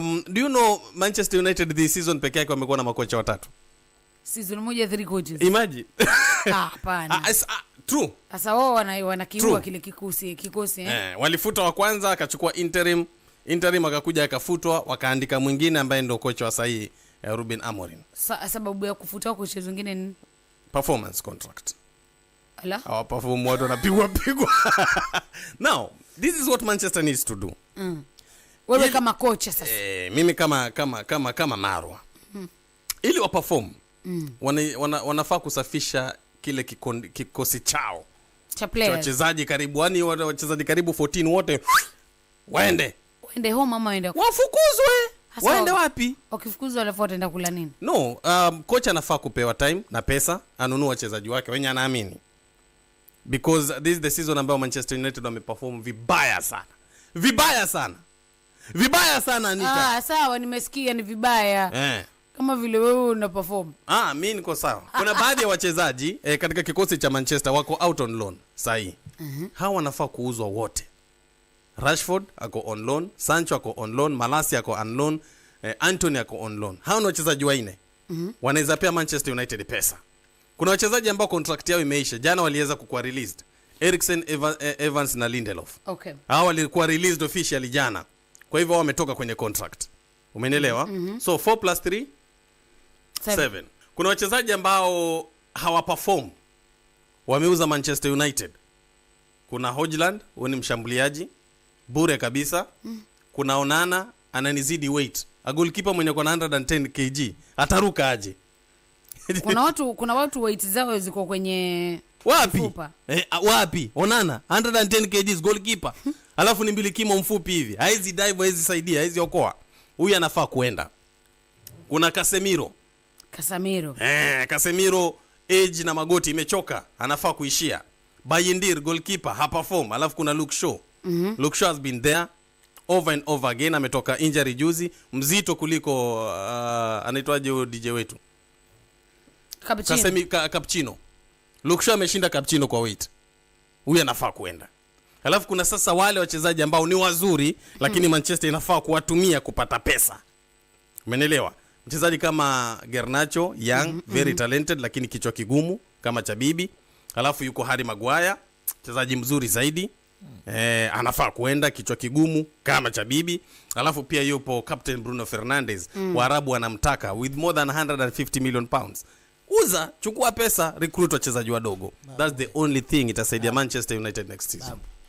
um, do you know Manchester United this season peke yake wamekuwa na makocha watatu season moja three coaches imagine ah, hapana ah, ah, true sasa wao wana wanakiua kile kikosi kikosi eh? eh walifuta wa kwanza akachukua interim interim akakuja akafutwa wakaandika mwingine ambaye ndio kocha wa sahihi eh, Ruben Amorim Sa, sababu ya kufutwa kocha zingine ni performance contract ala hawaperform watu wanapigwa pigwa now this is what Manchester needs to do mm wewe ili, kama kocha sasa e, mimi kama kama kama kama Marwa mm. ili waperform mm. wana, wana, wanafaa kusafisha kile kikondi, kikosi chao cha wachezaji karibu yani wachezaji karibu 14 wote waende waende home ama waende wafukuzwe Hasa waende wapi? Wakifukuzwa alafu wataenda kula nini? No, um, kocha anafaa kupewa time na pesa anunua wachezaji wake wenye anaamini, because this is the season ambayo Manchester United wameperform vibaya sana, vibaya sana vibaya sana Anita. Ah, sawa nimesikia ni vibaya eh. Kama vile wewe una perform. Ah, mimi niko sawa. Kuna baadhi ya wachezaji eh, katika kikosi cha Manchester wako out on loan sahi. mm -hmm. Hawa wanafaa kuuzwa wote. Rashford ako on loan, Sancho ako on loan, Malasi ako on loan, eh, Anthony ako on loan. Hawa ni wachezaji wanne. uh mhm. -huh. Wanaweza pia Manchester United pesa. Kuna wachezaji ambao contract yao imeisha, jana waliweza kukuwa released. Eriksen, Eva, eh, Evans na Lindelof. Okay. Hawa walikuwa released officially jana. Kwa hivyo wametoka kwenye contract, umenielewa? mm -hmm. So 4 plus 3 7. Kuna wachezaji ambao hawaperform wameuza Manchester United. Kuna Hojland, huyu ni mshambuliaji bure kabisa. Mm. Kuna Onana ananizidi weight, a goalkeeper mwenye kwa 110 kg ataruka aje? kuna watu kuna watu weight zao ziko kwenye wapi eh, wapi onana 110 kgs goalkeeper alafu ni mbili kimo mfupi hivi haizi dive haizi saidia haizi okoa huyu anafaa kuenda kuna Casemiro Casemiro eh Casemiro age na magoti imechoka anafaa kuishia Bayindir goalkeeper hapa form alafu kuna Luke Shaw mm -hmm. Luke Shaw has been there over and over again ametoka injury juzi mzito kuliko uh, anaitwaje DJ wetu Kasemi ka, kapchino Lukshaw ameshinda kapchino kwa wit Huyu anafaa kuenda. Alafu kuna sasa wale wachezaji ambao ni wazuri lakini hmm, Manchester inafaa kuwatumia kupata pesa. Umenelewa? Mchezaji kama gernacho young, mm -hmm. very hmm. talented lakini kichwa kigumu kama cha bibi. Alafu yuko hari Maguire, mchezaji mzuri zaidi. Hmm. Eh, anafaa kuenda kichwa kigumu kama cha bibi. Alafu pia yupo Captain Bruno Fernandes, mm. Waarabu wanamtaka with more than 150 million pounds uza, chukua pesa, recruit wachezaji wadogo. That's the only thing itasaidia Manchester United next season.